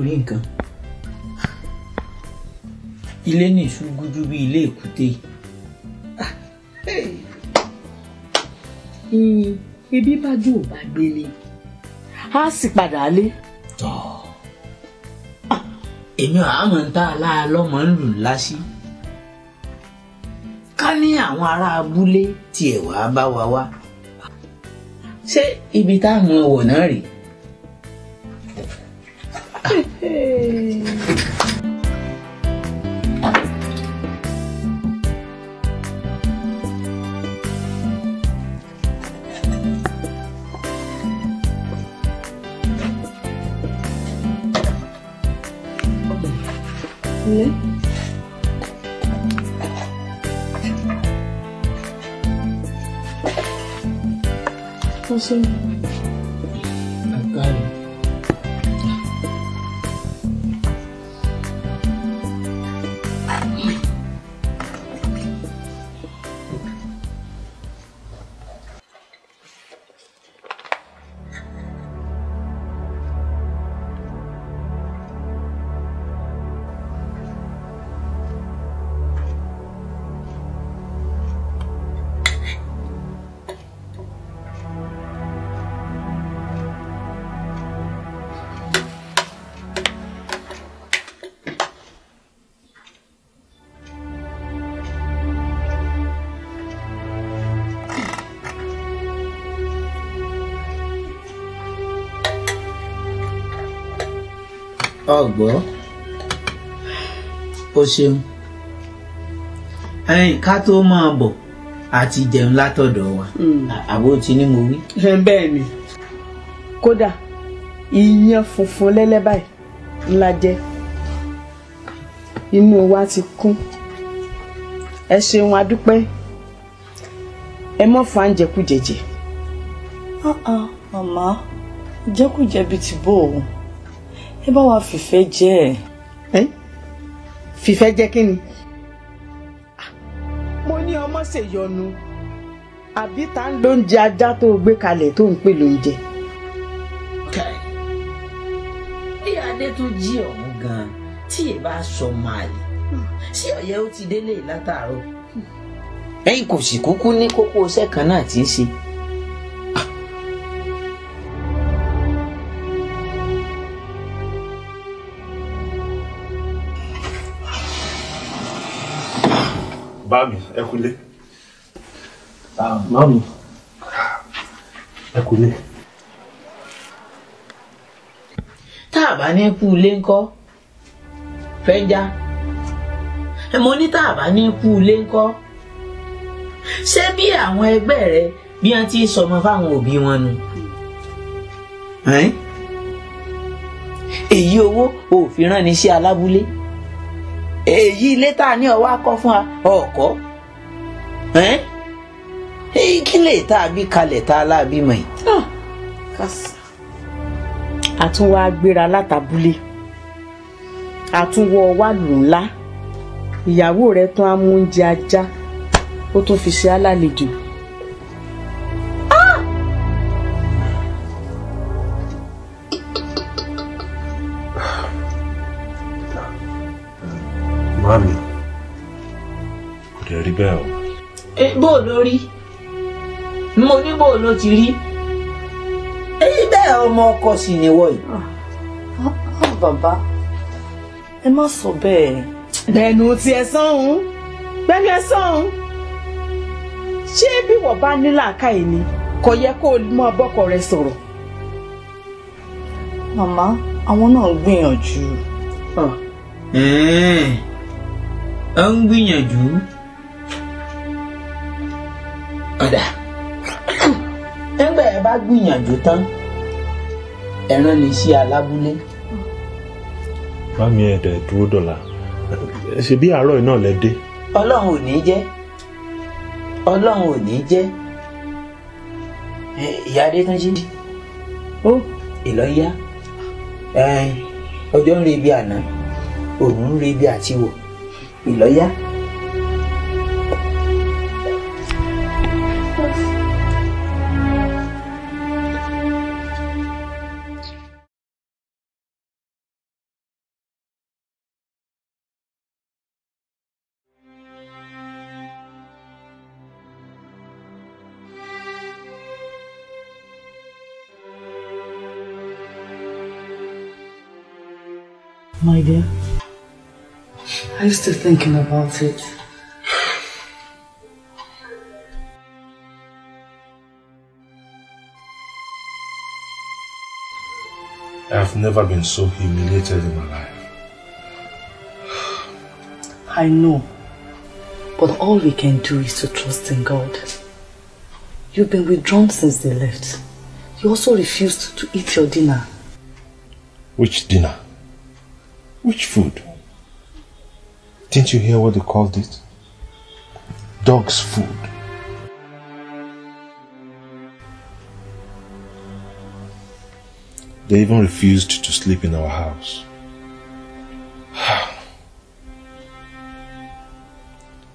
rí nǹkan ilé ní ìṣúgúdú bí ilé èkúté ibi bá jò bá gbélé á sì padà lé. èmi ò àmọ́ ń tá a lára lọ́mọ ń lù lásì ká ní àwọn ará abúlé tiẹ̀ wàá bá wa wá ṣé ibi táwọn ọ̀wọ̀ náà rèé. 心。ọgbọ o ṣeun ẹyin ká tó máa bọ̀ àti jẹun látọ̀dọ̀ wa hmm. àbó ti ní mo wí. bẹ́ẹ̀ ni kódà iyán funfun lẹ́lẹ́ báyìí ńlá jẹ́ inú wa ti kún ẹ ṣeun adúpẹ́ ẹ mọ̀ fàǹjẹ̀kújẹ̀jẹ̀. ọ̀ọ́ ah, ah, màmá jẹ́kújẹ̀ bíi ti bó òun ẹ bá wa fìfẹ́ jẹ́ ẹ. fìfẹ́ jẹ́ kí ni. Ah, mo ní ọmọ ṣèyọnu àbí ta ló ń jẹ ajá tó gbé kalẹ̀ tó ń pè lóúnjẹ. bí adé tó jí ọ̀hún gan-an tí ì bá sọ màálì sí ọ̀yẹ́ ó ti délé látàárọ̀. Hmm. ẹ̀yìn kò sì kúkú ní kókó iṣẹ́ kan náà tí ń ṣe. bá mi ẹ kúlé. má mi tá a bá ní kú ilé ńkọ́ fẹ́já mo ní tá a bá ní kú ilé ńkọ́ ṣé bí àwọn ẹgbẹ́ rẹ bí wọ́n ti sọmọ fáwọn òbí wọn nu. èyí owó o ò fi rán sí alábúlé. Si èyí létà ní ọwọ́ akọ́ fún wa ọ̀kọ́ èyí kí lè tá a bí kalẹ̀ tá a láàbí mọ̀ yìí. àtúnwá ah, gbéra látàbúlé àtúnwọ wà lù ńlá ìyàwó rẹ̀ tún á mú oúnjẹ ajá ó tún fi ṣe alálejò. bó ló rí mo ní bó ló ti rí. èyí bẹ́ẹ̀ ọmọ ọkọ sì ni wọ́n yìí. Ah. Ah, ah, bàbá ẹ má sọ bẹ́ẹ̀. bẹ́ẹ̀nu ti ẹ sọ́hún bẹ́ẹ̀nu ẹ sọ́hún ṣé bí wọ́n bá ní làákàyè ni kò yẹ kó mọ bọ́kọ rẹ sọ̀rọ̀. màmá àwọn náà ń gbìyànjú. ẹ ń gbìyànjú padà nígbà ẹ bá gbìyànjú tán ẹran lè ṣe alábúlé. bámi ẹ̀dẹ̀ dúró dọ̀la ṣe bí àárọ̀ iná lẹ dé. ọlọ́run ò ní jẹ́ ọlọ́run ò ní jẹ́ ìyá adétúnjì ó ìlọ́yà ọjọ́ ń rebi àná òun ń rebi àtiwò ìlọ́yà. used to thinking about it. I have never been so humiliated in my life. I know. But all we can do is to trust in God. You've been withdrawn since they left. You also refused to eat your dinner. Which dinner? Which food? Didn't you hear what they called it? Dog's food. They even refused to sleep in our house.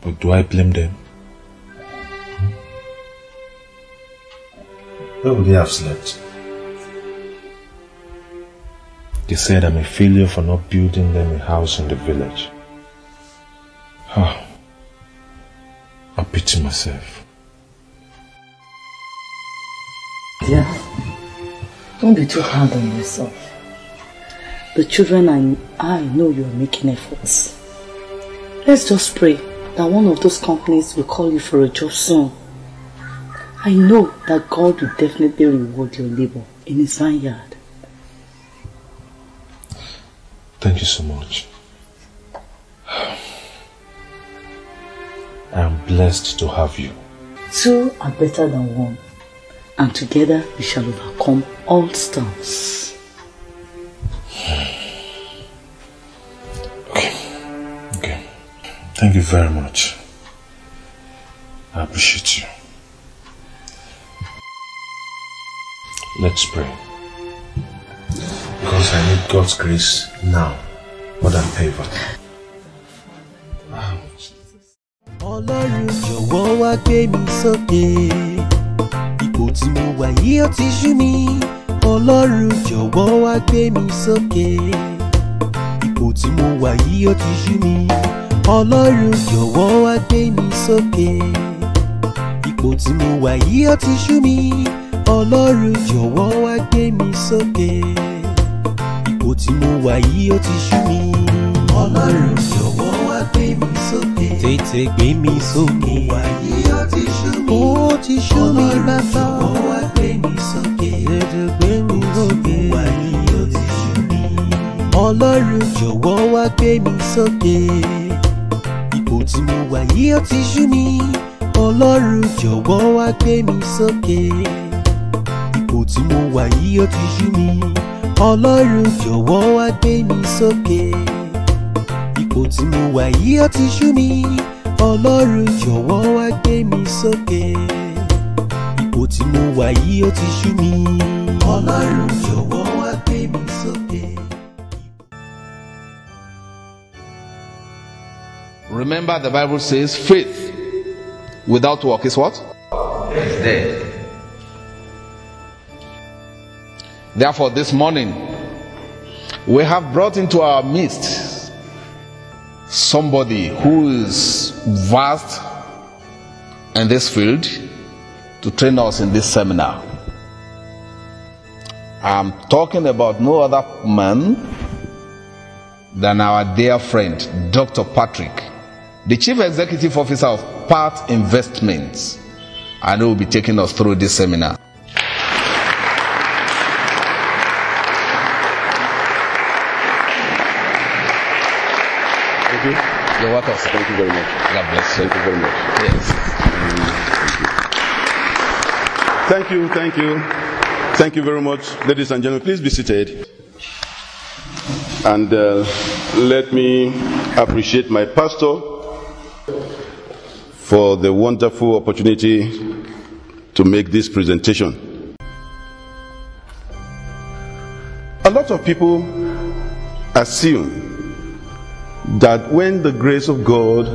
but do I blame them? Where would they have slept? They said I'm a failure for not building them a house in the village. Oh, I pity myself. Dear, don't be too hard on yourself. The children and I know you are making efforts. Let's just pray that one of those companies will call you for a job soon. I know that God will definitely reward your labor in his vineyard. Thank you so much. I am blessed to have you. Two are better than one, and together we shall overcome all storms. okay. Okay. Thank you very much. I appreciate you. Let's pray. Because I need God's grace now more than ever. Um, ọlọ́run jọ̀wọ́ wá gbé mi sókè ipò tí mo wà yìí ti sú mi ọlọ́run jọ̀wọ́ wá gbé mi sókè ipò tí mo wà yìí ti sú mi ọlọ́run jọ̀wọ́ wá gbé mi sókè ipò tí mo wà yìí ti sú mi ọlọ́run jọ̀wọ́ wá gbé mi sókè ipò tí mo wà yìí ti sú mi ọlọ́run jọ̀wọ́ gbé mi sókè. tètè gbé mi sókè. ìwà yìí ó ti ṣú mi. ó ti ṣú mi bàbá. ọlọ́run wá gbé mi sókè. tètè gbé mi sókè. ìwà yìí ó ti ṣú mi. ọlọ́run jọ̀wọ́ wá gbé mi sókè. ipò tí mo wà yìí ó ti ṣú mi. ọlọ́run jọ̀wọ́ wá gbé mi sókè. ipò tí mo wà yìí ó ti ṣú mi. ọlọ́run jọ̀wọ́ wá gbé mi sókè ipò tí mo wà yìí ó ti sú mi ọlọ́run jọ̀wọ́ wá gbé mi sókè ipò tí mo wà yìí ó ti sú mi ọlọ́run jọ̀wọ́ wá gbé mi sókè. Remember the Bible says faith without work is what? Therefore, this morning we have brought into our midst somebody who is vast in this field to train us in this seminar. I'm talking about no other man than our dear friend, Dr. Patrick, the Chief Executive Officer of Part Investments, and he will be taking us through this seminar. You're welcome, sir. Thank you very much. God bless you. Thank you very much. Yes. Thank you, thank you. Thank you very much, ladies and gentlemen. Please be seated. And uh, let me appreciate my pastor for the wonderful opportunity to make this presentation. A lot of people assume that when the grace of God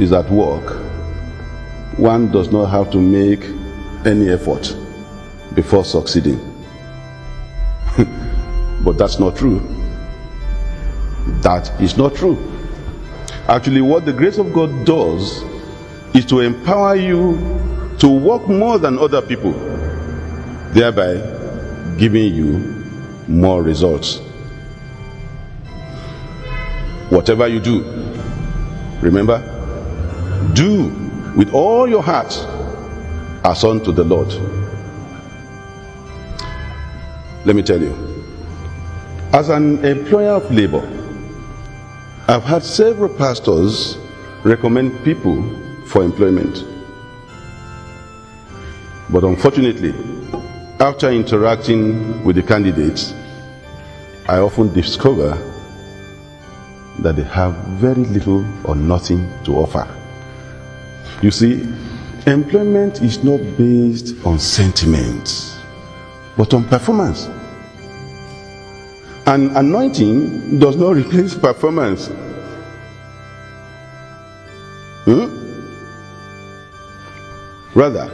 is at work, one does not have to make any effort before succeeding. but that's not true. That is not true. Actually, what the grace of God does is to empower you to work more than other people, thereby giving you more results. Whatever you do, remember, do with all your heart as unto the Lord. Let me tell you, as an employer of labor, I've had several pastors recommend people for employment. But unfortunately, after interacting with the candidates, I often discover that they have very little or nothing to offer. You see, employment is not based on sentiment, but on performance. And anointing does not replace performance. Hmm? Rather,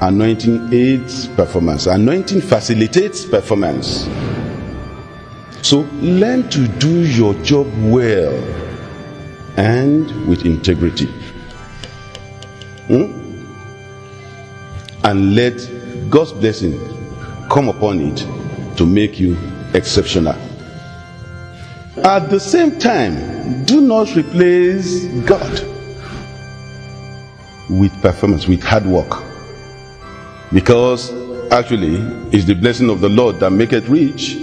anointing aids performance, anointing facilitates performance. So learn to do your job well and with integrity. Hmm? And let God's blessing come upon it to make you exceptional. At the same time, do not replace God with performance, with hard work. Because actually, it's the blessing of the Lord that maketh rich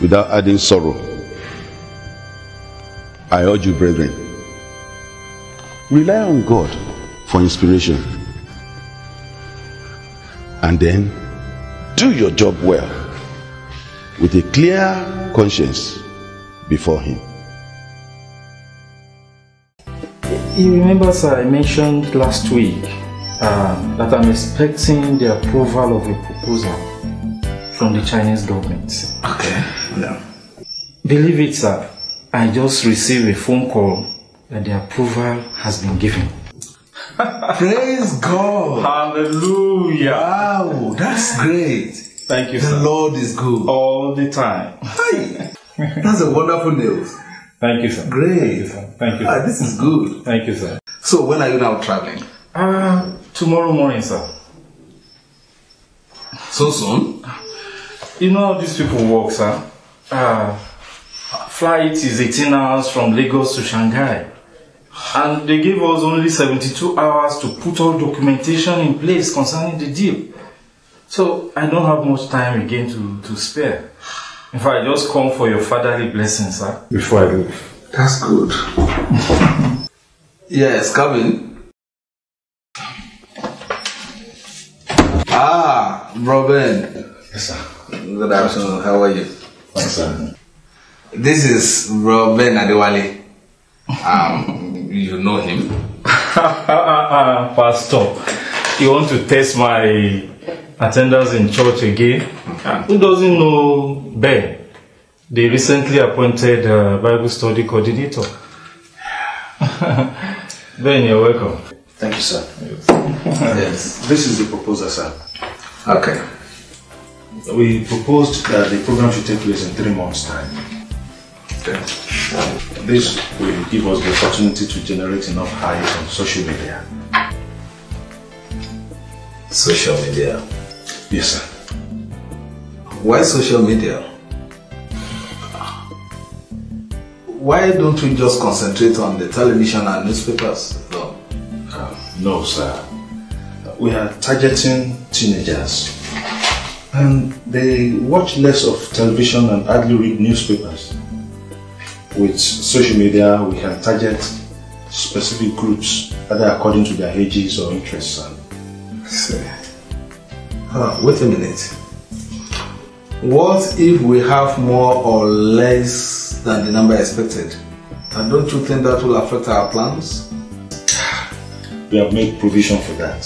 without adding sorrow. I urge you, brethren, rely on God for inspiration and then do your job well with a clear conscience before Him. You remember, sir, I mentioned last week um, that I'm expecting the approval of a proposal from the Chinese government. Okay. Believe it, sir. I just received a phone call that the approval has been given. Praise God. Hallelujah. Wow, that's great. Thank you, the sir. The Lord is good. All the time. Hey, That's a wonderful news. Thank you, sir. Great. Thank you, sir. Thank you. Sir. Ah, this is good. Thank you, sir. So, when are you now traveling? uh, tomorrow morning, sir. So soon? You know how these people work, sir uh, flight is 18 hours from Lagos to Shanghai. And they gave us only 72 hours to put all documentation in place concerning the deal. So I don't have much time again to, to spare. In fact, I just come for your fatherly blessing, sir. Before I leave. That's good. yes, come Ah, Robin. Yes, sir. Good afternoon. How are you? This is Robin Adewale. Um, you know him. Pastor, you want to test my attendance in church again? Who doesn't know Ben? The recently appointed uh, Bible study coordinator. ben, you're welcome. Thank you, sir. yes. This is the proposal, sir. Okay we proposed that the program should take place in three months' time. Okay. This will give us the opportunity to generate enough hype on social media. Social media? Yes, sir. Why social media? Why don't we just concentrate on the television and newspapers? No, uh, no sir. We are targeting teenagers and they watch less of television and hardly read newspapers. With social media, we can target specific groups, either according to their ages or interests. Sir, wait a minute. What if we have more or less than the number expected? And don't you think that will affect our plans? We have made provision for that.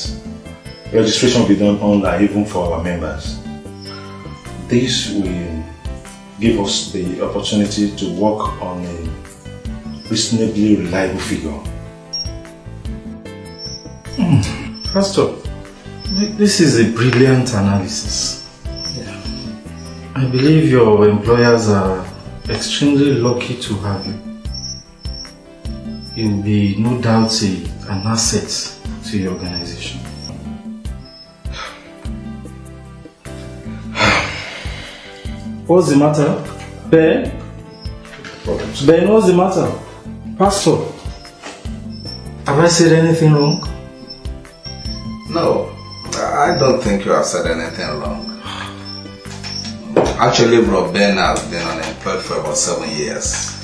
Registration will be done online even for our members. This will give us the opportunity to work on a reasonably reliable figure. Hmm. Pastor, this is a brilliant analysis. Yeah. I believe your employers are extremely lucky to have you. You'll be no doubt an asset to your organization. What's the matter? Ben? Ben, what's the matter? Pastor, have I said anything wrong? No, I don't think you have said anything wrong. Actually, Rob Ben has been unemployed for about seven years.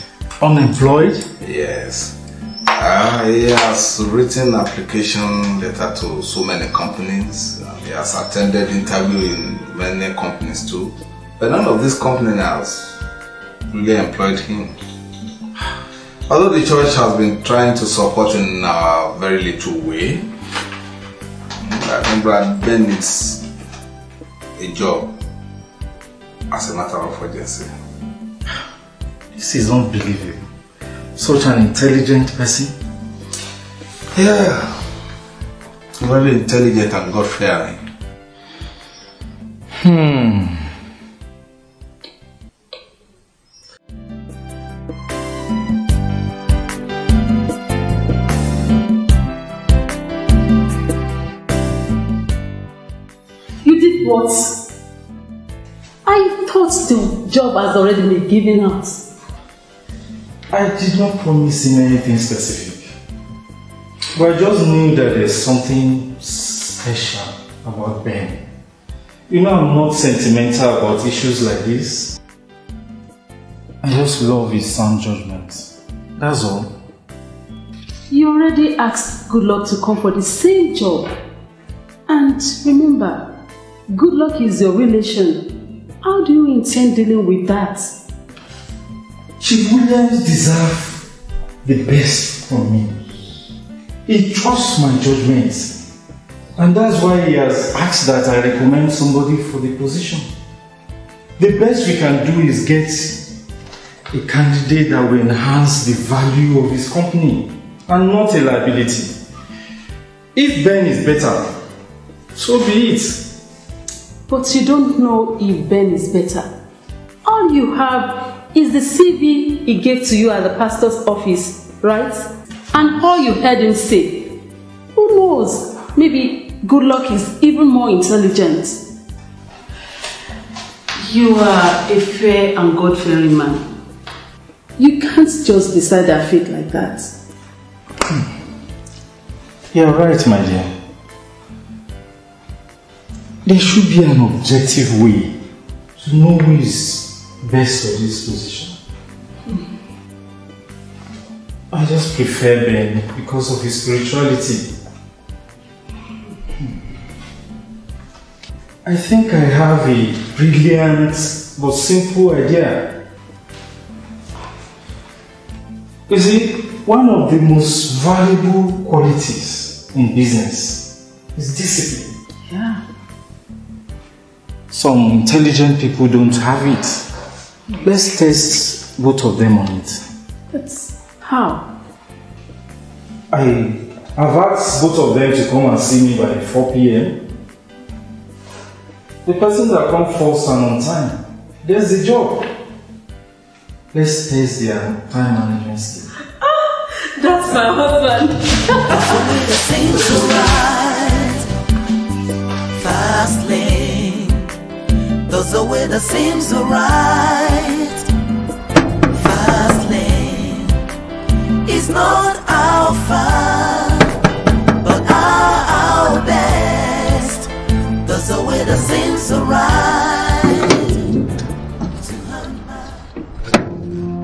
Unemployed? Yes. Uh, he has written application letter to so many companies. He has attended interview in many companies too. But none of these company has really employed him. Although the church has been trying to support in a very little way, I think Brad Ben needs a job as a matter of urgency. This is unbelievable. Such an intelligent person. Yeah. Very intelligent and God-fearing. Hmm. I thought the job has already been given out. I did not promise him anything specific. But I just knew that there's something special about Ben. You know I'm not sentimental about issues like this. I just love his sound judgment. That's all. You already asked Good Luck to come for the same job. And remember, Good luck is your relation. How do you intend dealing with that? Chief Williams deserves the best from me. He trusts my judgments. And that's why he has asked that I recommend somebody for the position. The best we can do is get a candidate that will enhance the value of his company and not a liability. If Ben is better, so be it but you don't know if Ben is better. All you have is the CV he gave to you at the pastor's office, right? And all you heard him say. Who knows? Maybe good luck is even more intelligent. You are a fair and God-fearing man. You can't just decide our fate like that. Hmm. You're right, my dear. There should be an objective way to know who is best for this position. Mm. I just prefer Ben because of his spirituality. I think I have a brilliant but simple idea. You see, one of the most valuable qualities in business is discipline. Yeah. Some intelligent people don't have it. Let's test both of them on it. That's how? I have asked both of them to come and see me by 4 p.m. The person that comes first and on time, there's the job. Let's test their time management skills. Ah, that's my husband. fast lane. Cause the weather seems alright Fast lane is not our fault But our, our best Cause the weather seems alright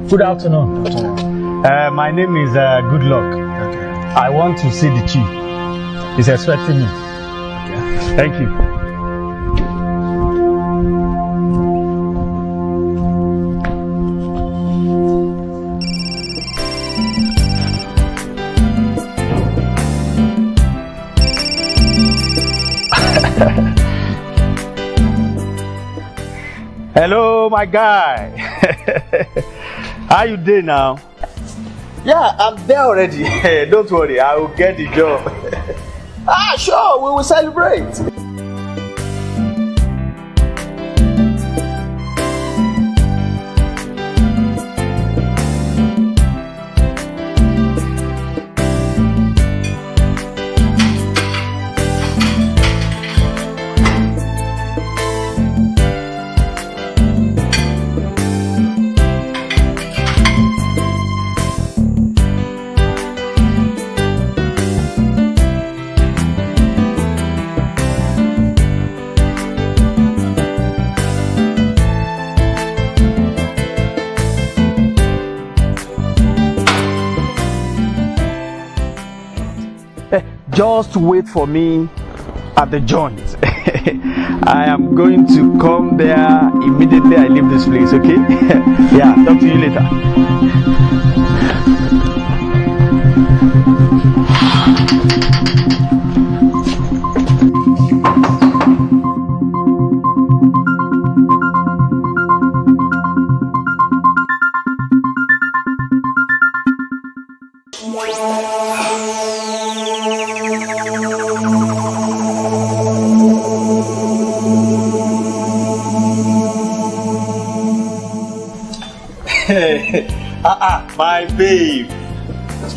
Good afternoon. Good afternoon. Uh, my name is uh, Good Luck. Okay. I want to see the chief. He's expecting me. Okay. Thank you. Hello, my guy. How you doing now? Yeah, I'm there already. Don't worry, I will get the job. ah, sure, we will celebrate. just wait for me at the joint. I am going to come there immediately I leave this place, okay? yeah, talk to you later.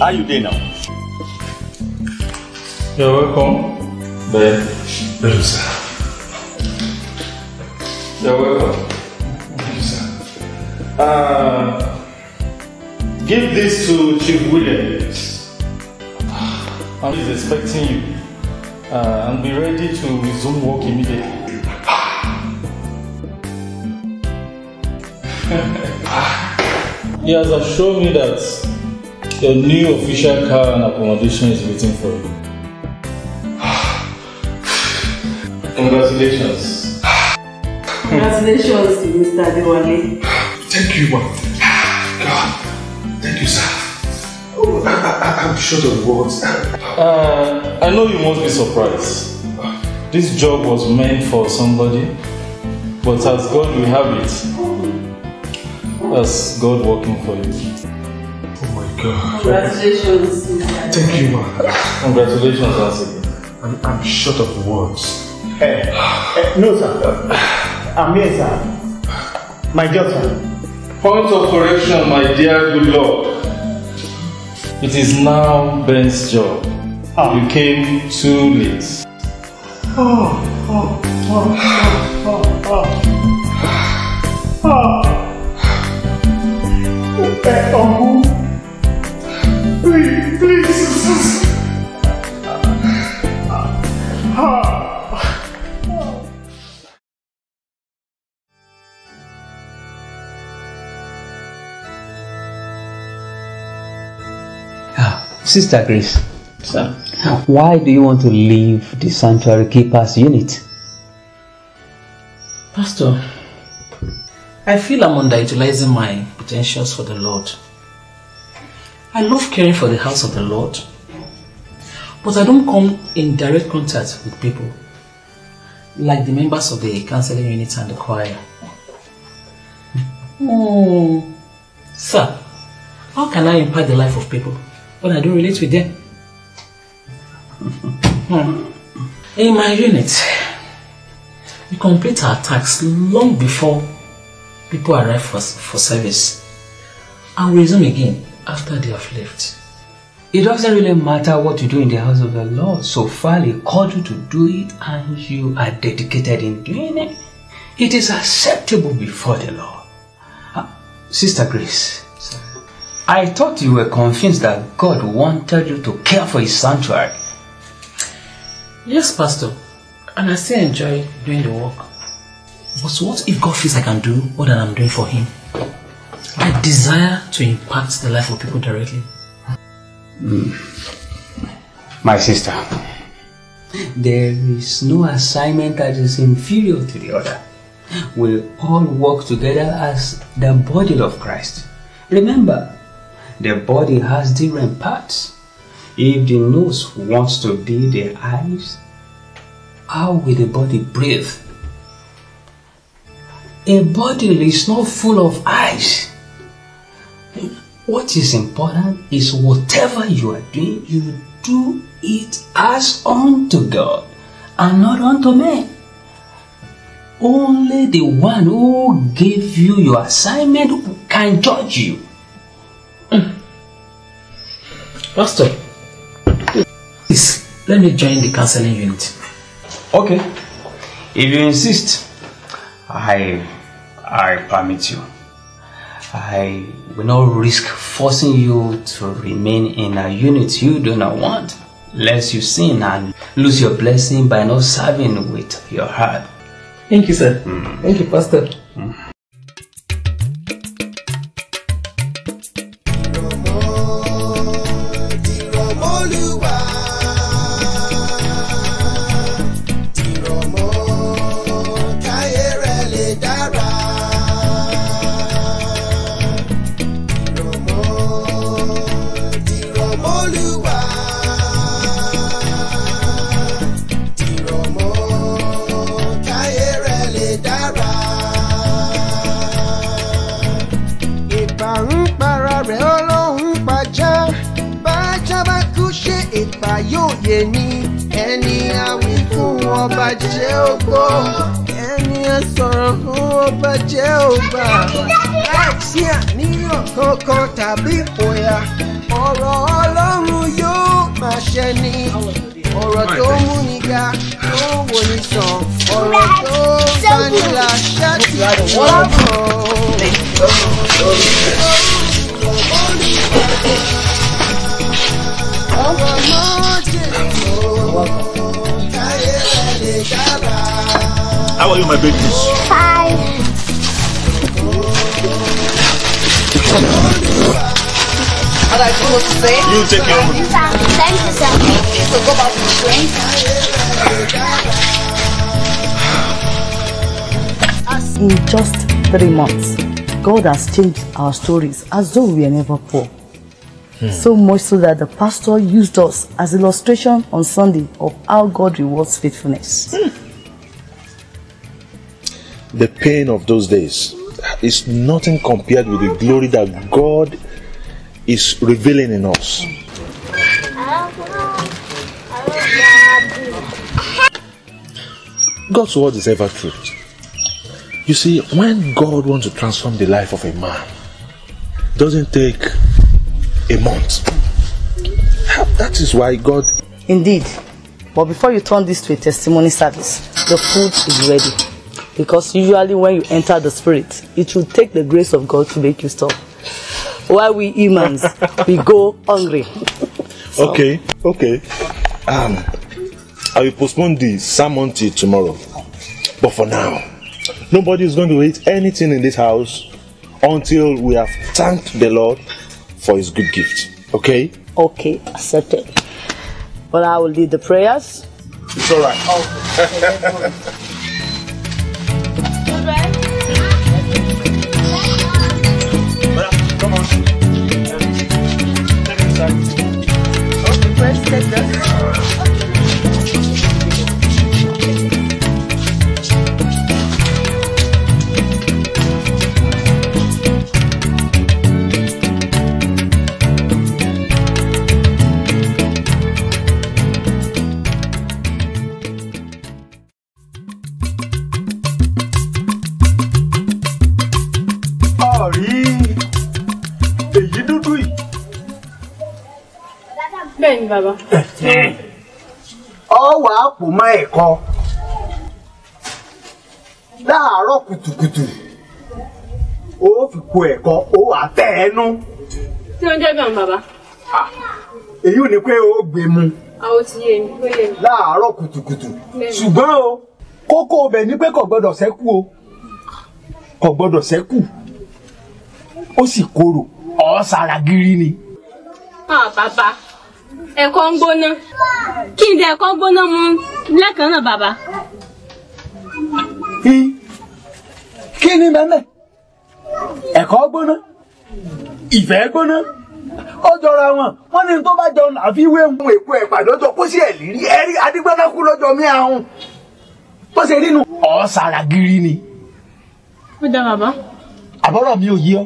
How you doing now? You're welcome. Babe. Thank you, sir. You're welcome. Thank you, sir. Uh, give this to Chief Williams. I'm expecting you. Uh, and be ready to resume work immediately. he has assured me that the new official car and accommodation is waiting for you. Congratulations. Congratulations to Mr. Diwali. Thank you, ma'am. God, thank you, sir. Oh, I, am short of words. Uh, I know you must be surprised. This job was meant for somebody, but as God will have it, As God working for you. Congratulations. Thank you, ma. Congratulations once I'm, I'm short of words. Hey, eh, eh, hey, no, sir. I'm here, sir. My daughter. Point of correction, my dear good lord. It is now Ben's job. Ah. You came too late. Oh, oh, oh, oh, oh, oh. oh. oh. Please, ah, please, Sister Grace, Sir. Ah, why do you want to leave the Sanctuary Keepers unit? Pastor, I feel I'm underutilizing my potentials for the Lord. I love caring for the house of the Lord, but I don't come in direct contact with people like the members of the counseling unit and the choir. Oh, sir, how can I impact the life of people when I don't relate with them? Hmm. in my unit, we complete our tasks long before people arrive for, for service and resume again after they have left. It doesn't really matter what you do in the house of the Lord, so far He called you to do it and you are dedicated in doing it. It is acceptable before the Lord. Uh, Sister Grace, Sorry. I thought you were convinced that God wanted you to care for His sanctuary. Yes, Pastor, and I still enjoy doing the work. But what if God feels I can do more than I'm doing for Him? I desire to impact the life of people directly. Mm. My sister, there is no assignment that is inferior to the other. We all work together as the body of Christ. Remember, the body has different parts. If the nose wants to be the eyes, how will the body breathe? A body is not full of eyes. What is important is whatever you are doing, you do it as unto God and not unto men. Only the one who gave you your assignment can judge you. Mm. Pastor, please let me join the counseling unit. Okay. If you insist, I I permit you. I will not risk forcing you to remain in a unit you do not want, lest you sin and lose your blessing by not serving with your heart. Thank you, sir. Mm. Thank you, Pastor. ọba jẹ́ ògbó ẹni ẹ sọ̀rọ̀ fún ọba jẹ́ ògbà láìsí àníyàn kankan tàbí ìpòyà ọ̀rọ̀ ọlọ́run yóò máa ṣẹ ni ọ̀rọ̀ tó mú ni ga tó wò ní sàn ọ̀rọ̀ tó gbanila ṣáàtì oh, mọ̀. Welcome. How are you, my babies? How All right, you say? You take care. own. Thank you, sir. So go back to train. In just three months, God has changed our stories as though we were never poor. Hmm. So much so that the pastor used us as illustration on Sunday of how God rewards faithfulness. Hmm. The pain of those days is nothing compared with the glory that God is revealing in us. God's word is ever truth. You see, when God wants to transform the life of a man, doesn't take a month. That is why God... Indeed. But before you turn this to a testimony service, the food is ready. Because usually when you enter the spirit, it will take the grace of God to make you stop. While we humans, we go hungry. So. Okay, okay. Um, I will postpone the sermon till tomorrow. But for now, nobody is going to eat anything in this house until we have thanked the Lord for his good gift. Okay? Okay, accepted. But I will lead the prayers. It's all right. Okay. kó ẹ̀kọ́ ó wà tẹ́ ẹ nú. tí wọ́n jẹ́ bẹ́ẹ̀ bàbá. èyí ò ní pé ó gbé mu. àwọn ti yé mi ó yé mi. láàárọ̀ kùtùkùtù ṣùgbọ́n o kókó ọbẹ̀ ni pé kò gbọ́dọ̀ ṣẹ́kù o kò gbọ́dọ̀ ṣẹ́kù ó sì korò ọ̀ sára gírí ni. bàbá ẹ̀kọ́ ń gbóná kí n dẹ̀ ẹ̀kọ́ gbóná mu lẹ́ẹ̀kan náà bàbá. kí ni bẹ́ẹ̀ bẹ́ẹ̀ ẹ̀kọ́ gbóná ìfẹ́ gbóná ó jọra wọn wọn ní tó bá jọ àfiwé ohun èkó ẹ̀ pàdọ́jọ kó sí ẹ̀ lírí ẹ̀rí adigbọ́nà kú lọ́jọ́ mi àrùn bó ṣe rí nu ọ̀sàrà gírí ni. ó dá bàbá. àbọ̀rọ̀ mi ò yé ọ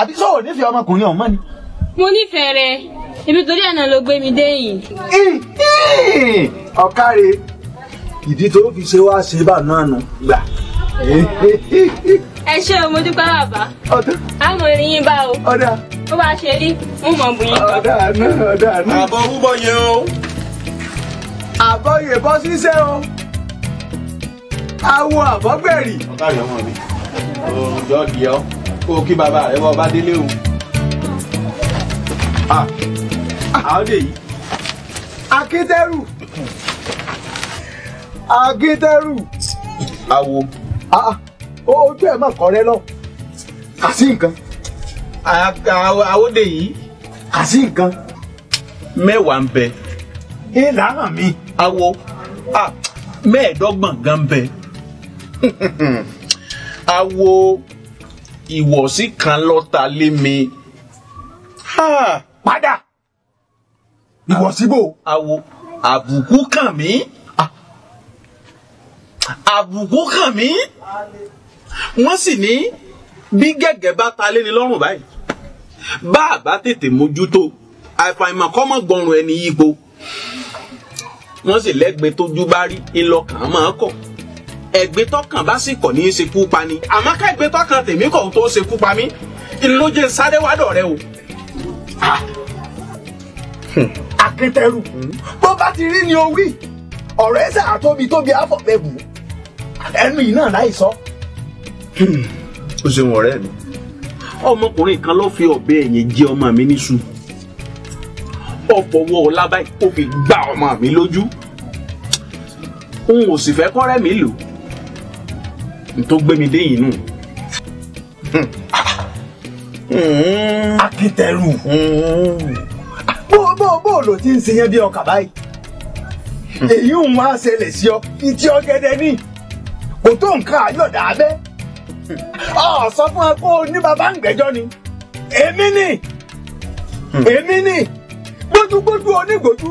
àbí sọ̀rọ̀ nífẹ̀ẹ́ ọmọkùnrin ọ̀hún mọ́ ni. mo nífẹ̀ẹ́ rẹ ibi torí ẹ̀ náà ló gbé mi dé yìí. ọ̀kàrẹ̀ ìdí tó fi ṣe wá ṣe bá náà nù gbà ẹ ṣe o mo dúpẹ́ bàbá àmọ́ ìrìn yín bá o bó bá ṣe rí mo mọ̀ bù yín. ọ̀dà náà ọ̀dà náà. àbọ̀ wúbọ̀ yẹn o. àbọ̀ yèbọ̀ ṣiṣẹ́ o. awo àbọ̀gbẹ̀rì. ọ̀gá rẹ̀ ọmọ mi òòjọ́ di ọ kó o kí bàbá rẹ bọ́ ọba délé o. àádé yìí. akíntẹ́rù akíntẹ́rù. awo. Ah, ah. ojú ẹ̀ mọ̀ kọ́rẹ́ lọ kà sí nǹkan. àwòdè yìí. kà sí nǹkan. mẹ́wàá ń bẹ. ìlà hàn mi. awo mẹ́ẹ̀ẹ́dọ́gbọ̀n gan bẹ. awo ìwọ̀sí kan lọ́ta lé mi. padà ìwọ̀sí bò. awo àbùkù kàn mí àbùkù kàn mí wọ́n sì ní bí gẹ́gẹ́ bá ta lé ní lọ́rùn báyìí bá a bá tètè mójútó àìfàìmọ̀ kọ́ mọ́ gbọ́rùn ẹni yípo wọ́n sì lẹ́gbẹ̀ẹ́ tójú bá rí ńlọkàn máa kọ̀ ẹ̀gbẹ́ tọkàn bá sì kọ̀ ní í ṣekú pa ni àmọ́ ká ẹ̀gbẹ́ tọkàn tèmi kọ̀ tó ṣekú pa mí ńlójẹ sáré rẹ o. Hmm. akíntẹ́rù bó bá ti rí ni o wí ọ̀rẹ́ sàtóbi tóbi àfọ̀pẹ́ ẹnu yìí náà láì sọ. o hmm, ṣeun ọ̀rẹ́ mi ọmọkùnrin kan ló fi ọ̀bẹ ẹ̀yìn jẹ ọmọ mi níṣu ọ̀fọ̀wọ́ ọ̀làbá ó fi gbá ọmọ mi lójú òun ò sì fẹ́ kọ́rẹ́ mi lò tó gbé mi dé yìí nù. Hmm. Hmm. akitẹrù bó bó bó ló ti ń ṣe yẹn bí ọkà báyìí èyí ń wá ṣẹlẹ̀ sí ọ ìtì ọ̀gẹ̀dẹ̀ ni kò tó nǹkan àyọ̀dà abẹ́ ọ sọ fún wa kó o ní baba ń gbẹ́jọ́ ni èmi ni hmm. èmi ni gbójúgbójú onígbójú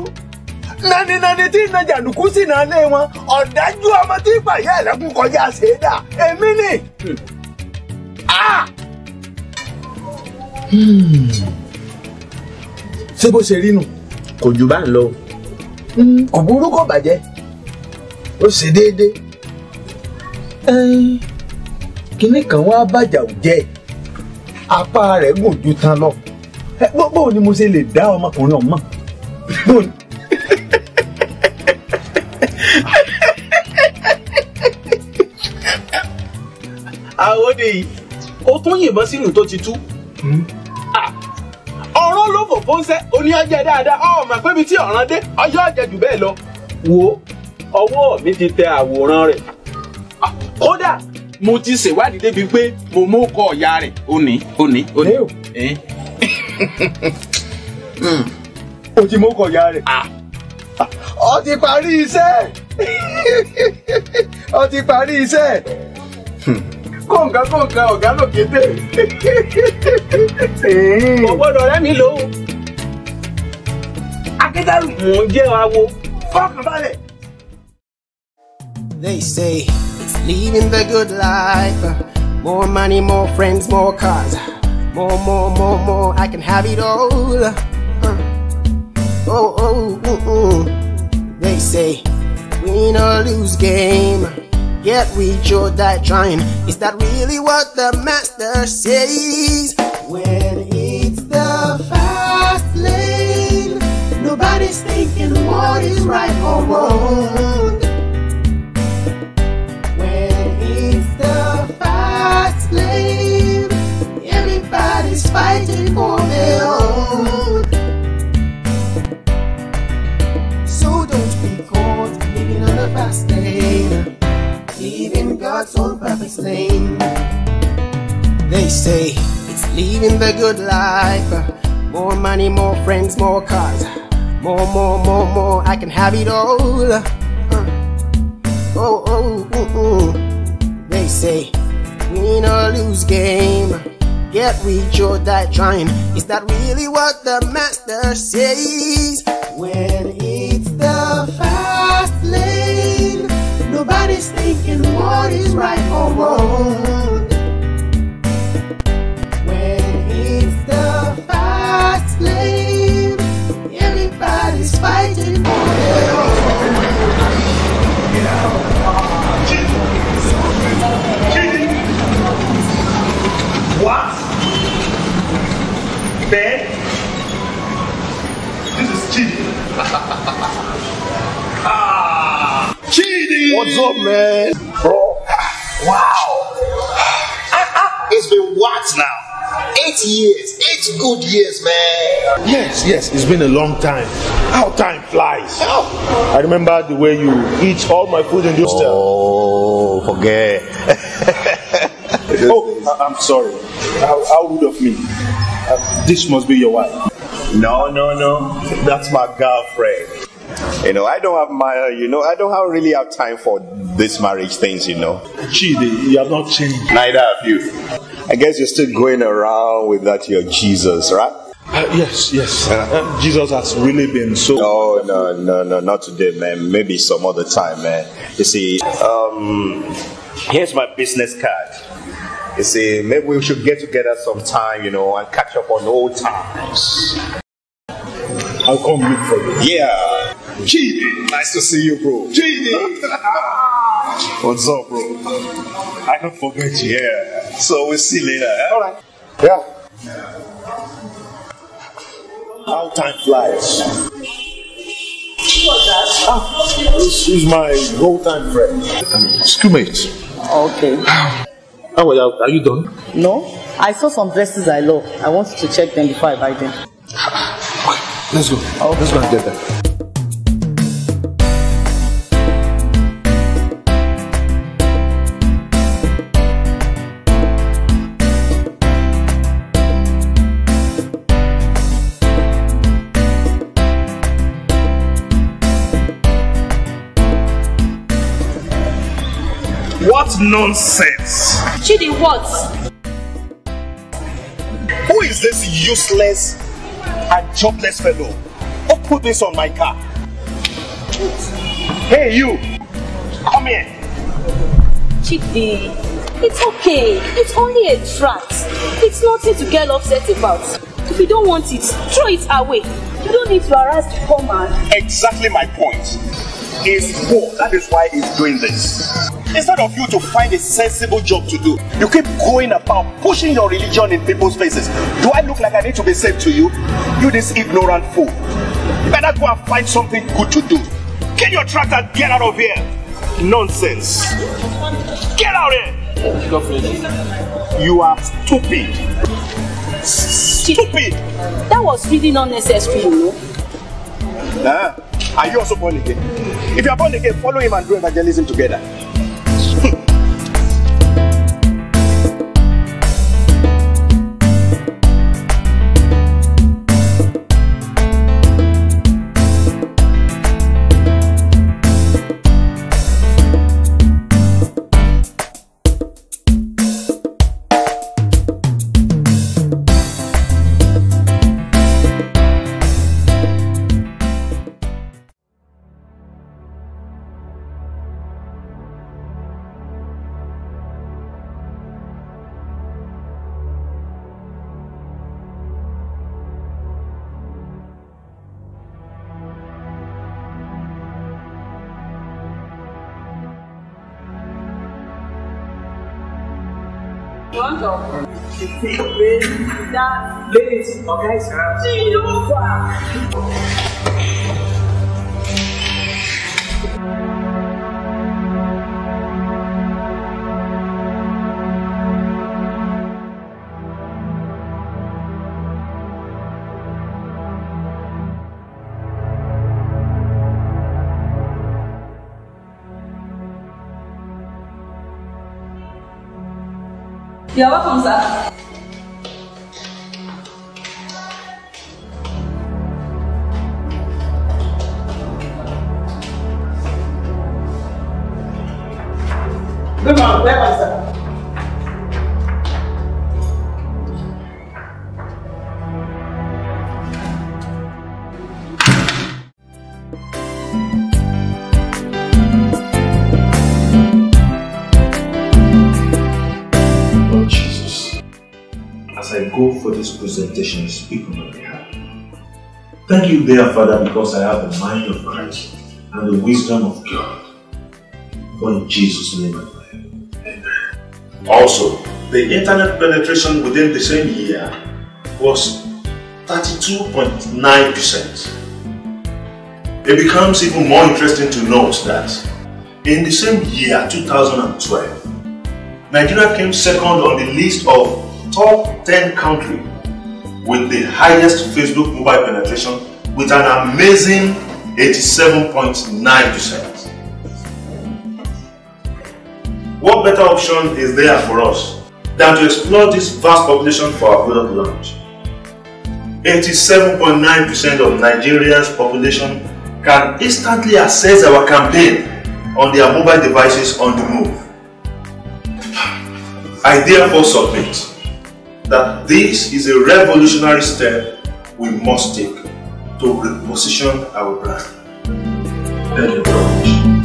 naninani tí iná jàǹdùkú sì náà lé wọn ọ̀dájú ọmọ tí ìpàyà ẹ̀lẹ́kùn kọjá ṣe é dà èmi ni. Hmm. Ah! ṣé bó ṣe rí nù. kò jù bá ń lọ. Hmm, kò burú kò bàjẹ́ ó ṣe déédéé. kinní kan wá bàjà ò apá rẹ gùn ju tán lọ ẹ ni mo ṣe lè dá ọmọkùnrin ọmọ. àwòdì o tún yìnbọn sínú tó ti tú hmm? ọ̀rọ̀ ló fòfó ń oní ọjọ́ dáadáa ọmọ pébi tí ọ̀ràn dé wò ó mi ti tẹ àwòrán rẹ̀. kódà mo ti ṣèwádìí débi pé mo mú kọ rẹ. rẹ̀ òní òní òní. o ti mú kọ ọ̀ya rẹ̀. ọ ah. ti parí iṣẹ́ ọ ti parí iṣẹ́ hmm. kọ̀ǹkà kọ̀ǹkà ọ̀gá lòkè dé. Hmm. gbọ́dọ̀ rẹ́ mi lò ó. akẹ́kọ̀ọ́ mò ń jẹ́ àwo fọ́ọ̀kì balẹ̀. They say. Living the good life. More money, more friends, more cars. More, more, more, more. I can have it all. Oh oh, oh, mm, mm. They say, win or lose game. Yet we or die trying. Is that really what the master says? When it's the fast lane, nobody's thinking what is right or wrong. fighting for their own. Oh. So don't be caught living on a fast lane, leaving God's own perfect lane. They say it's living the good life, more money, more friends, more cars, more, more, more, more. I can have it all. Uh, oh, oh, mm, mm. They say win or lose game get rich or die trying. Is that really what the master says? When it's the fast lane, nobody's thinking what is right or wrong. When it's the fast lane, everybody's fighting for their own. bed. This is cheap. ah, cheating. What's up, man? Bro, wow. Ah, ah, it's been what now? Eight years, eight good years, man. Yes, yes, it's been a long time. How time flies. Oh. I remember the way you eat all my food in the hostel. Oh, forget. oh, I'm sorry. How, how rude of me. This must be your wife. No, no, no. That's my girlfriend. You know, I don't have my, you know, I don't have really have time for this marriage things, you know. Chidi, you have not changed. Neither have you. I guess you're still going around with that your Jesus, right? Uh, yes, yes. Uh, Jesus has really been so. No, no, no, no, not today, man. Maybe some other time, man. You see, um, here's my business card. He said, maybe we should get together sometime, you know, and catch up on old times. I'll come look for you. Yeah. JD, nice to see you, bro. JD. What's up, bro? I don't forget you. Yeah. So we'll see later. Eh? All right. Yeah. How time flies. Who that? Ah, this is my old time friend. Schoolmate. Okay. How are you, are you done? No. I saw some dresses I love. I want to check them before I buy them. Let's go. Okay. Let's go and get them. nonsense. Chidi, what? Who is this useless and jobless fellow who put this on my car? Hey, you! Come here! Chidi, it's okay. It's only a trap. It's nothing to get upset about. If you don't want it, throw it away. You don't need to harass the poor man. Exactly my point is poor. That is why he's doing this. Instead of you to find a sensible job to do, you keep going about pushing your religion in people's faces. Do I look like I need to be saved to you? You this ignorant fool. You better go and find something good to do. Get your tractor and get out of here. Nonsense. Get out here. You are stupid. Stupid. That was really not necessary, you know. Uh, are you also born again? If you are born again, follow him and do evangelism together. Wonderful. okay, sir. không 有啊，同事。Good morning, temptations people may have. Thank you, dear Father, because I have the mind of Christ and the wisdom of God. For in Jesus' name I pray. Amen. Also, the internet penetration within the same year was 32.9%. It becomes even more interesting to note that in the same year, 2012, Nigeria came second on the list of top 10 countries with the highest Facebook mobile penetration with an amazing 87.9%. What better option is there for us than to explore this vast population for our product launch? 87.9% of Nigeria's population can instantly access our campaign on their mobile devices on the move. I therefore submit that this is a revolutionary step we must take to reposition our brand. Thank you very much.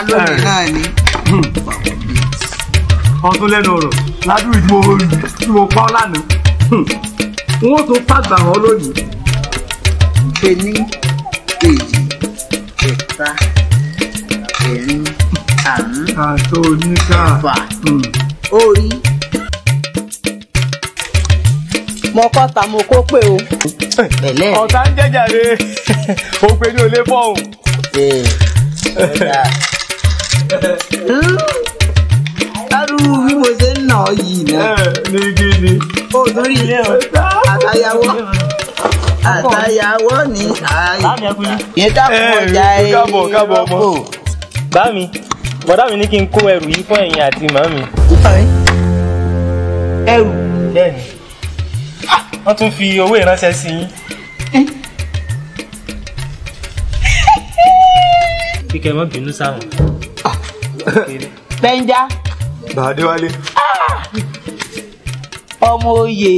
pa lónìí náà ni. ọtún lẹ́nu ọ̀rọ̀ ládùúgbò tí mo tí mo pa ọ́ lánàá n tún pàgbà ọ́ lónìí. kìíní èyí ẹ̀ta ẹ̀rin àrún ẹ̀fà hmm. orí. mo kọ́ ta mo kó pé o. ọ̀tá ń jẹ́jà re o pe ní olè bọ́ọ̀ lárú bí mo ṣe ń nà ọ yìí náà. ní gidi. o torí àtàyàwó àtàyàwó ni yé dàpọ̀ ọjà ẹ kábọ̀ kábọ̀ oh. bọ̀dá mi ní kí n kó ẹrù yìí fún ẹ̀yin àti màmí. ẹrù. bẹ́ẹ̀ni ah! wọ́n tún fi owó ìránṣẹ́ sí yín. Eh? kíkẹ́ mọ́ bínú sáwọn. Bẹ́ńjá. Bàdéwálé. Ah! Ọmọ oyè.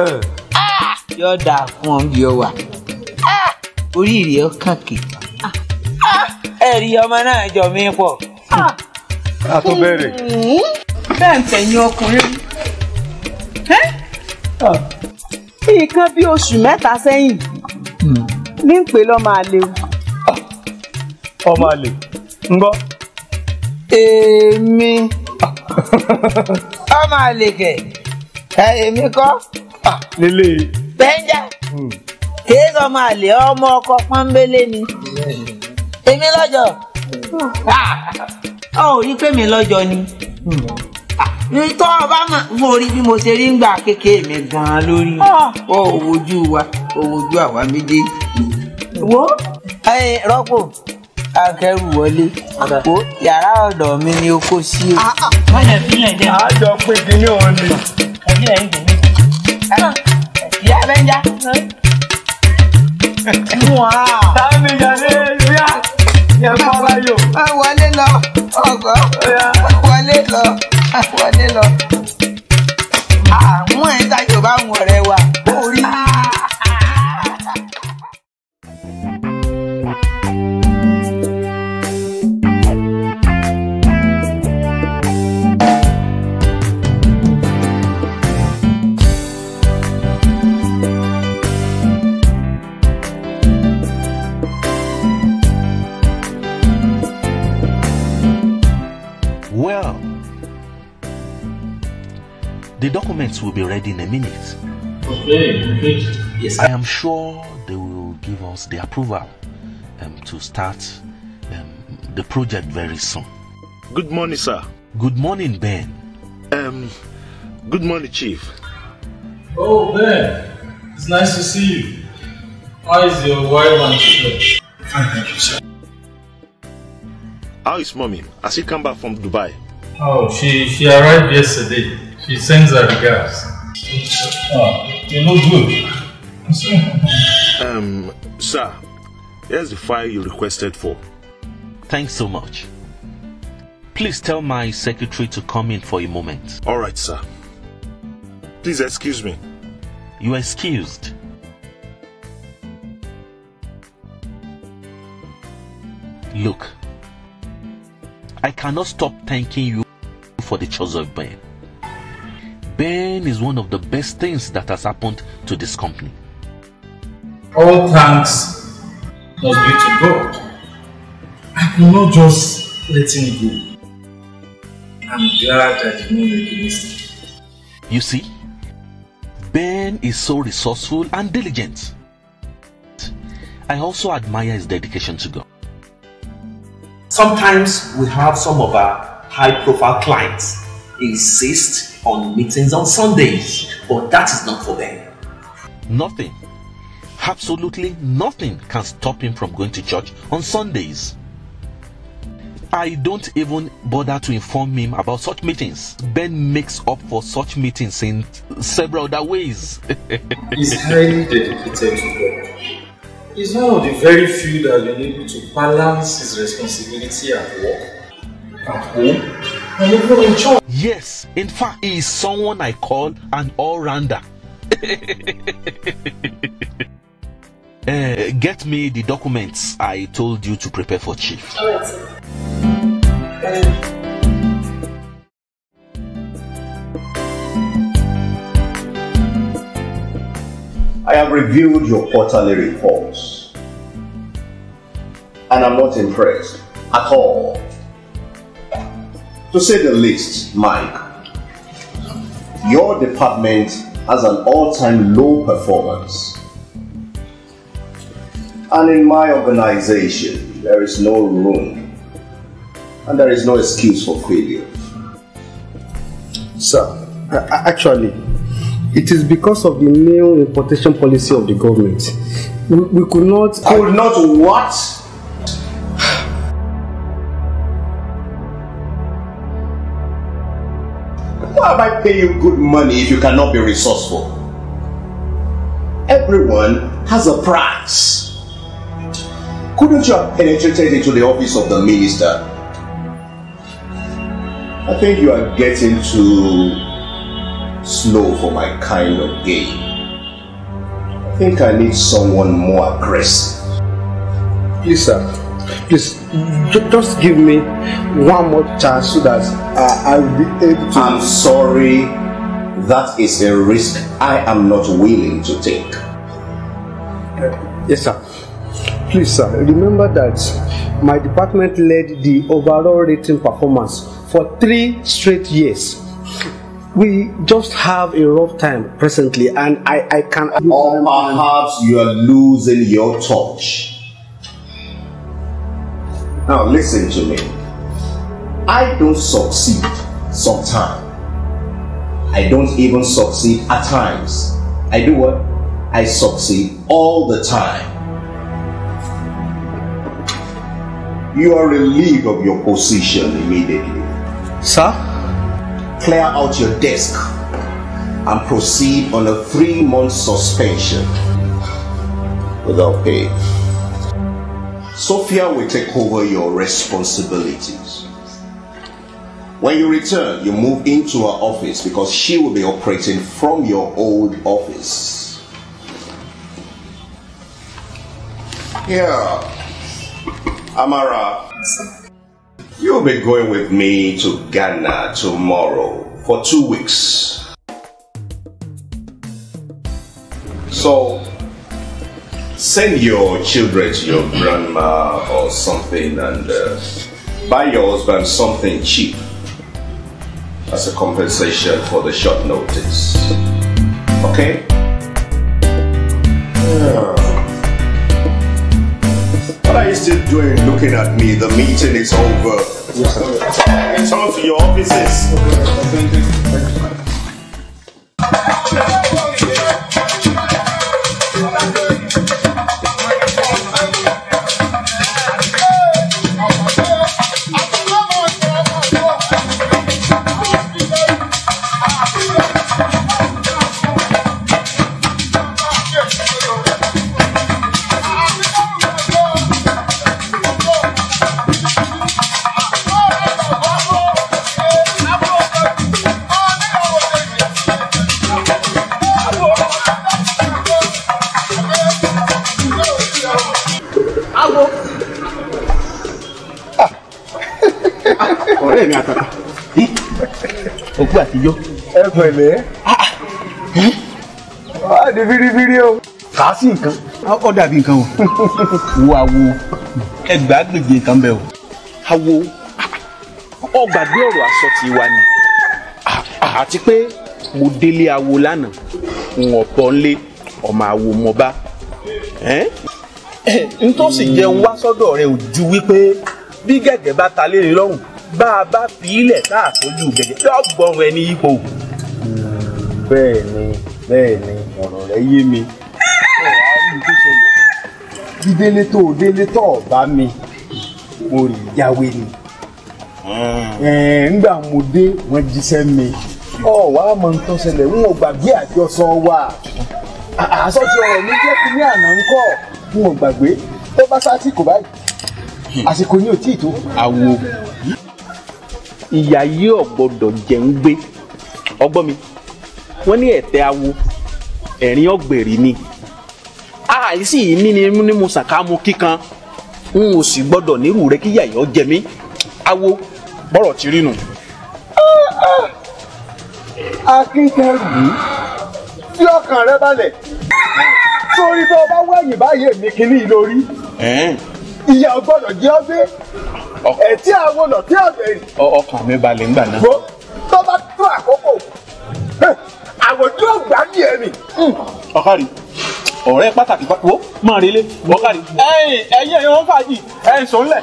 Ah! Yóò dáa fún ọ bí ọ wà. Ah! Oríire ọkàn kì. Ẹ̀rí ọmọ náà jọ mí pọ̀. A tó bẹ̀rẹ̀. Hmm? Bẹ́ẹ̀ ń tẹ̀yìn ọkùnrin. Nǹkan bí oṣù mẹ́ta sẹ́yìn hmm. ní ń pè lọ́mọ àlè. Ọmọ àlè ń gbọ́. èmi ọmọ àlèkè èmi kọ́ lélẹ̀ bẹ́ńjà hmm. kìí sọmọ àlè ọmọ ọkọ pọ́nbélé ni èmi lọ́jọ́ hmm. ọ ò rí pé mi lọ́jọ́ ni hmm. nítọ́ ọba bá mọ̀ rí bí mo ṣe rí ngbà kékeré mi gan-an lórí ọ òwojú wa òwojú àwa méjèèjì wo rọ́pò. akẹ́rù wọlé àpò yàrá ọ̀dọ̀ mi ni o kó sí o. má yẹ fílẹ̀ jẹ́ a jọ pé kíní òun ni. ẹbí ẹ̀ ń dùn mí. ìyá abẹ́njá. táàmì yàrá ìyá yẹn kọ́ báyò. wọlé lọ ọgọ wọlé lọ wọlé lọ. àwọn ẹ̀ bá àwọn ọ̀rẹ́ wọn. The documents will be ready in a minute. Okay, okay. Yes, I am sure they will give us the approval um, to start um, the project very soon. Good morning, sir. Good morning, Ben. Um, good morning, Chief. Oh, Ben. It's nice to see you. How is your wife and children? Fine, thank you, sir. How is mommy? Has she come back from Dubai? Oh, she, she arrived yesterday. She sends her regards. Oh, ah, you look good. um, sir, here's the file you requested for. Thanks so much. Please tell my secretary to come in for a moment. All right, sir. Please excuse me. You are excused. Look, I cannot stop thanking you for the choice of Ben. Ben is one of the best things that has happened to this company. All thanks must be to God. I could not just let him go. I'm glad that did not make a mistake. You see, Ben is so resourceful and diligent. I also admire his dedication to God. Sometimes we have some of our high profile clients insist on meetings on Sundays, but that is not for them. Nothing, absolutely nothing can stop him from going to church on Sundays. I don't even bother to inform him about such meetings. Ben makes up for such meetings in several other ways. He's highly dedicated to God. He's one of the very few that are able to balance his responsibility at work, at home, and in Yes, in fact, he is someone I call an all rounder. uh, eh, get me the documents I told you to prepare for chief. I have reviewed your quarterly reports and I'm not impressed at all. To say the least, Mike, your department has an all time low performance. And in my organization, there is no room and there is no excuse for failure. Sir, actually, it is because of the new importation policy of the government. We, we could not. Could not what? pay you good money if you cannot be resourceful? Everyone has a price. Couldn't you have penetrated into the office of the minister? I think you are getting too slow for my kind of game. I think I need someone more aggressive. Please, sir please just give me one more chance so that uh, I will be able to. I'm sorry. That is a risk I am not willing to take. Uh, yes, sir. Please, sir, remember that my department led the overall rating performance for three straight years. We just have a rough time presently, and I, I can. Or perhaps you are losing your touch. Now listen to me. I don't succeed sometimes. I don't even succeed at times. I do what? I succeed all the time. You are relieved of your position immediately. Sir? Clear out your desk and proceed on a three month suspension without pay. Sophia will take over your responsibilities. When you return, you move into her office because she will be operating from your old office. Yeah. Amara, you'll be going with me to Ghana tomorrow for two weeks. So, send your children to your grandma or something and uh, buy your husband something cheap as a compensation for the short notice. Okay? Yeah. What are you still doing looking at me? The meeting is over. Return to your offices. ti yọ. ẹ pẹ̀lẹ́ ah, ah. wàá di bíríbírí o. kà á sí nǹkan. ọ dàbí nǹkan o. wo àwo ẹgbàá nǹkan bẹ o. àwo ọgbàgbé ọ̀rọ̀ aṣọ ti wa ni ah, àti pé mo délé awo lánàá ń ọ̀pọ̀ nlé ọmọ àwo mo bá eh, n tó sì jẹun wá sọ́dọ̀ rẹ̀ ò ju wípé bí gẹ̀gẹ̀ bá ta lé lọ́rùn bá a bá fi ilẹ̀ káàtójú gẹ̀gẹ̀ lọ́gbọ̀n rẹ ní ipò. bẹ́ẹ̀ ni bẹ́ẹ̀ ni ọ̀rọ̀ rẹ yé mi. dídélé tó o délé tó o bá mi mo rí ìyáwé ni. ǹgbà mo dé wọ́n jíṣẹ́ mi ọ wá mọ nǹkan ṣẹlẹ̀ ń wọ gbàgbé àjọsọ wa àsọtí ọ̀rọ̀ mi jẹ́ kí ní àná ń kọ́ ń wọ gbàgbé tó bá sásìkò báyìí àsìkò ní òtí tó àwo ìyá yìí ọ̀gbọ́dọ̀ jẹ́ ń gbé ọgbọ́n mi wọ́n ní ẹ̀tẹ́ awo ẹ̀rín ọ̀gbẹ̀rì ni àìsí yìí ni mo sàn kíkan n ò sì gbọ́dọ̀ nírú rẹ kí yàyọ́ jẹ mí awo bọ́rọ̀ ti rí nu. akínkẹ́rù tí ọkàn rẹ balẹ̀ sórí tó o bá wẹ̀yìn báyìí èmi kìíní lórí ìyá ọgbọ́dọ̀ jẹ́ ọ́ dé ẹ̀tí àwọn ọ̀nà tí ọ̀bẹ̀ rì. ọkàn mi balẹ̀ ńgbà náà. tó bá tó àkókò àwòjú ọgbà ni ẹ rìn. Hmm. ọ̀kàrí ọ̀rẹ́ pàtàkì wo máa relé ọ̀kàrí ẹ̀yìn ẹ̀yìn ẹ̀yìn wọn fàájì ẹ̀yìn sọ̀nlẹ̀.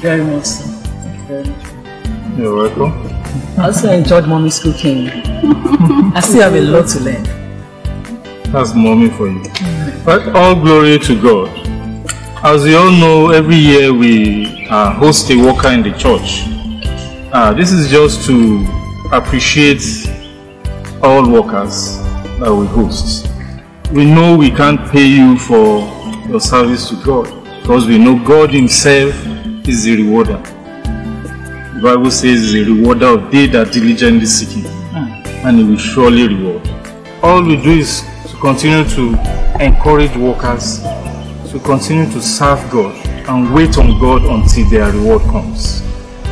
very much, sir. Thank you very much. You're welcome. Also, still enjoyed mommy's cooking. I still have a lot to learn. That's mommy for you. But all glory to God. As you all know, every year we uh, host a worker in the church. Uh, this is just to appreciate all workers that we host. We know we can't pay you for your service to God because we know God Himself is the rewarder. The Bible says the rewarder of they that diligently seek him, and he will surely reward. All we do is to continue to encourage workers to continue to serve God and wait on God until their reward comes.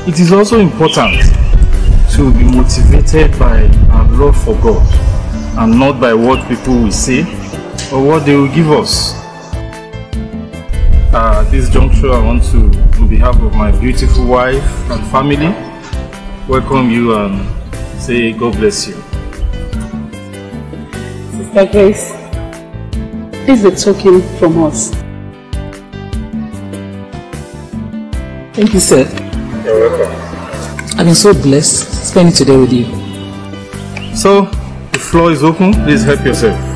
It is also important to be motivated by our love for God and not by what people will say or what they will give us. Uh, at uh, this juncture, I want to on behalf of my beautiful wife and family, welcome you and say God bless you. Sister Grace, this is a token from us. Thank you, sir. You're welcome. I've been so blessed spending today with you. So, the floor is open. Please help yourself.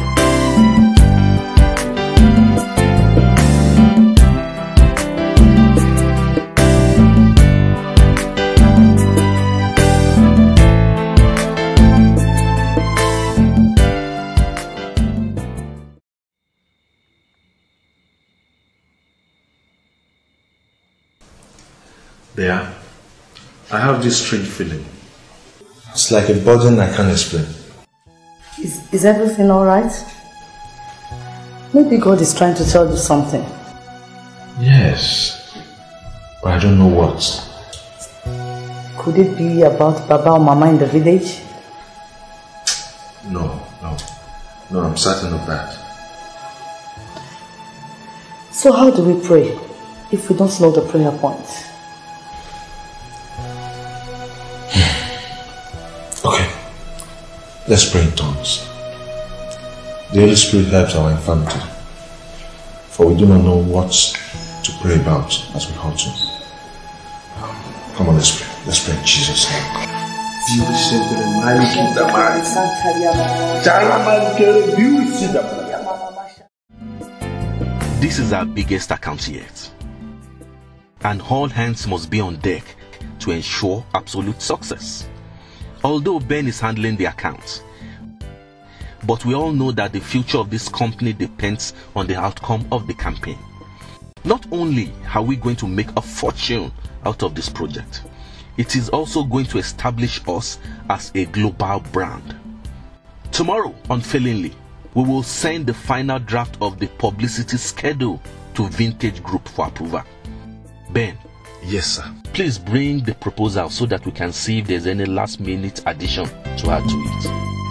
I have this strange feeling. It's like a burden I can't explain. Is, is everything alright? Maybe God is trying to tell you something. Yes, but I don't know what. Could it be about Baba or Mama in the village? No, no. No, I'm certain of that. So how do we pray if we don't know the prayer point? Okay, let's pray in tongues. The Holy Spirit helps our infirmity, for we do not know what to pray about as we ought to. Come on, let's pray. Let's pray in Jesus' name. This is our biggest account yet. And all hands must be on deck to ensure absolute success although Ben is handling the accounts. But we all know that the future of this company depends on the outcome of the campaign. Not only are we going to make a fortune out of this project, it is also going to establish us as a global brand. Tomorrow, unfailingly, we will send the final draft of the publicity schedule to Vintage Group for approval. Ben, Yes, sir. Please bring the proposal so that we can see if there's any last minute addition to add to it.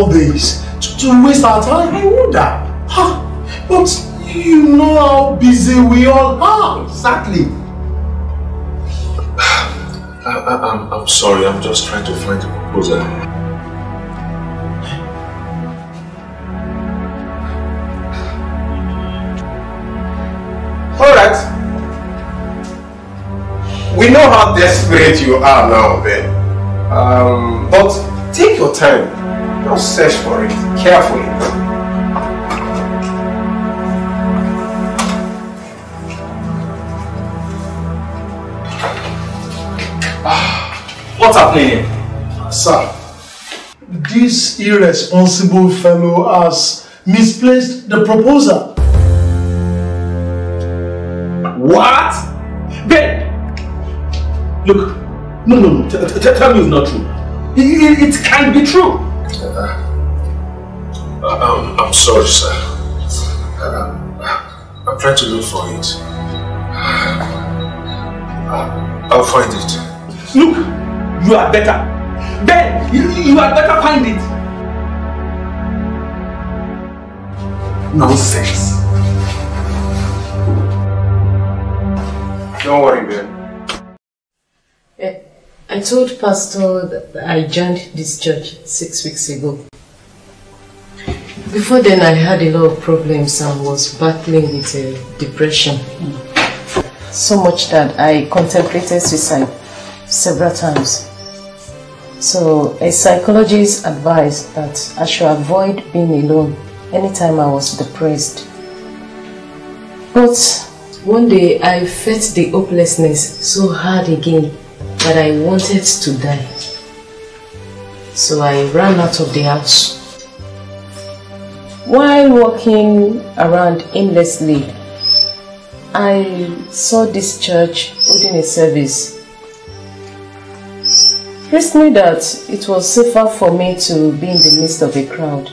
all this? To, to waste our time? I wonder. Huh. But you know how busy we all are. Exactly. I, am sorry, I'm just trying to find a proposal. Alright. We know how desperate you are now, Ben. Um, but take your time. Go search for it carefully. Ah, what's happening here? Sir, this irresponsible fellow has misplaced the proposal. What? Ben! Look, no, no, no, tell me it's not true. It, it, it can't be true sorry, sir. Um, I'm trying to look for it. Um, I'll find it. Look, you are better. Ben, you, you are better find it. Nonsense. Don't worry, Ben. Eh, I told Pastor that I joined this church six weeks ago. Before then, I had a lot of problems and was battling with uh, depression. Mm. So much that I contemplated suicide several times. So a psychologist advised that I should avoid being alone anytime I was depressed. But one day I felt the hopelessness so hard again that I wanted to die. So I ran out of the house while walking around aimlessly, I saw this church holding a service. Chris knew that it was safer for me to be in the midst of a crowd.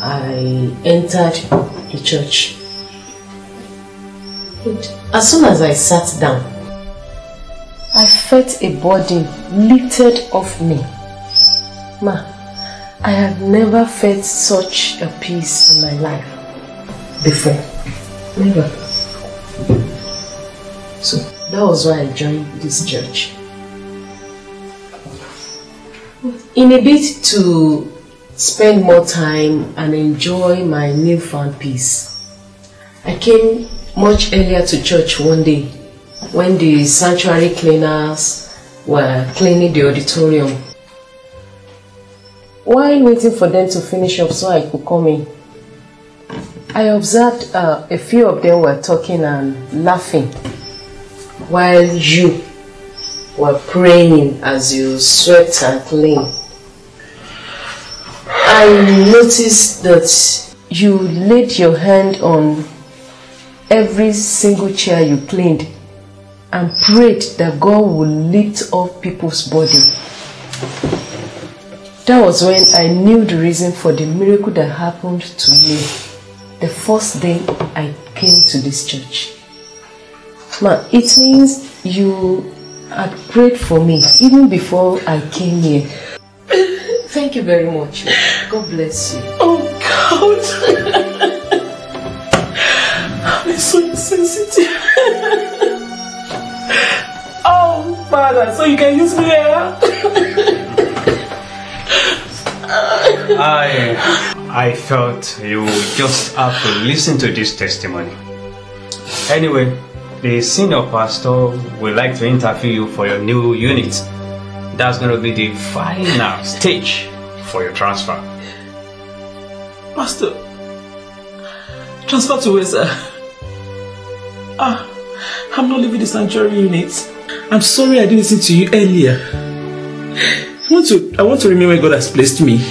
I entered the church. And as soon as I sat down, I felt a body lifted off me. Ma, I have never felt such a peace in my life before. Never. So that was why I joined this church. In a bit to spend more time and enjoy my newfound peace, I came much earlier to church one day when the sanctuary cleaners were cleaning the auditorium while waiting for them to finish up so I could come in, I observed uh, a few of them were talking and laughing while you were praying as you swept and cleaned. I noticed that you laid your hand on every single chair you cleaned and prayed that God would lift up people's body. That was when I knew the reason for the miracle that happened to you the first day I came to this church. Ma, it means you had prayed for me even before I came here. Thank you very much. God bless you. Oh, God. I'm so insensitive. oh, Father, so you can use me here. Eh? I, I thought you just have to listen to this testimony. Anyway, the senior pastor would like to interview you for your new unit. That's going to be the final stage for your transfer. Pastor, transfer to where, sir? Ah, I'm not leaving the sanctuary unit. I'm sorry I didn't listen to you earlier. I want to, I want to remember where God has placed me.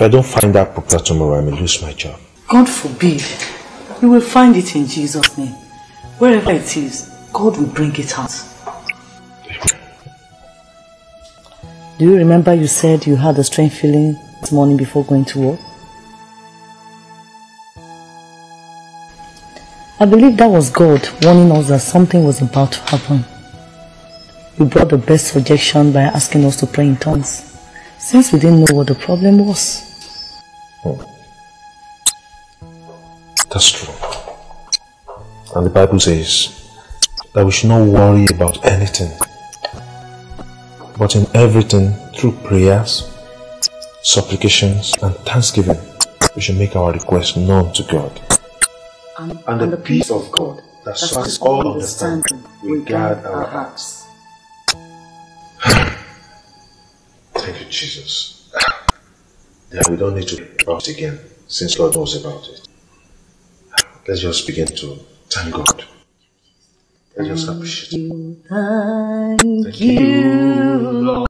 If I don't find that book tomorrow, I may lose my job. God forbid. You will find it in Jesus' name. Wherever it is, God will bring it out. Do you remember you said you had a strange feeling this morning before going to work? I believe that was God warning us that something was about to happen. You brought the best suggestion by asking us to pray in tongues, since we didn't know what the problem was. Oh. That's true. And the Bible says that we should not worry about anything, but in everything, through prayers, supplications, and thanksgiving, we should make our requests known to God. And, and, and the, the peace of God that surpasses all understanding will guard our hearts. Thank you, Jesus then we don't need to about it again, since God knows about it. Let's just begin to thank God. Let's just appreciate. thank you Lord.